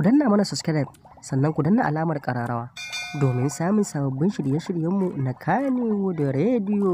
ku danna mana subscribe sannan ku danna alamar kararawa domin samun sababbin shirye-shiryenmu na kanewo da rediyo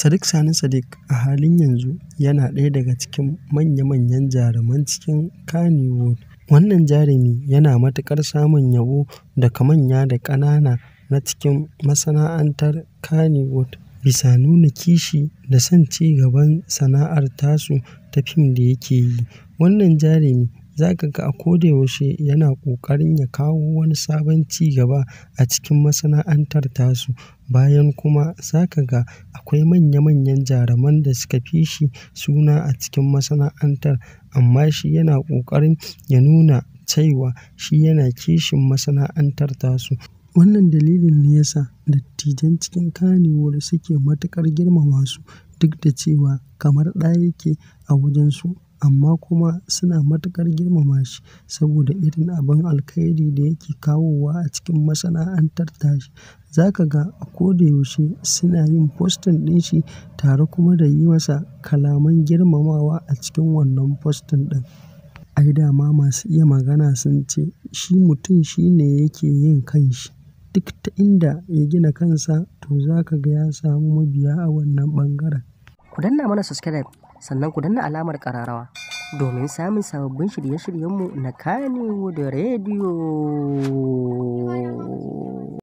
sadiq sani sadiq a halin yanzu yana ɗaya daga cikin manya-manyan jaruman cikin kanewood wannan jarumi yana matuƙar samun yabo daga manya da ƙanana na cikin masana'antar kanewood bisa nuna kishi da son ci gaban sana'ar tasu ta fim da yake yi. Wannan jarumi za ka ga a ko da yaushe yana ƙoƙarin ya kawo wani sabon ci gaba a cikin masana'antar tasu. Bayan kuma za ka ga akwai manya manyan jaruman da suka fi shi suna a cikin masana'antar amma shi yana ƙoƙarin ya nuna cewa shi yana kishin masana'antar tasu. Wannan dalilin ne yasa dattijan cikin kanewar suke matuƙar girmama su. duk da cewa kamar ɗa yake a wajensu, amma kuma suna matuƙar girmama shi saboda irin abin alkhairi da yake kawowa a cikin masana'antar tashi. Za ka ga a kodayaushe suna yin postin ɗin shi tare kuma da yi masa kalaman girmamawa a cikin wannan postin ɗin. Ai dama masu iya magana sun ce, "Shi mutum shi ne yake yin kanshi." duk ta inda ya gina kansa to za ka ga ya samu mabiya a wannan ɓangaren. Ku danna mana subscribe sannan ku danna alamar ƙararrawa domin samun sababbin shirye-shiryenmu na da rediyo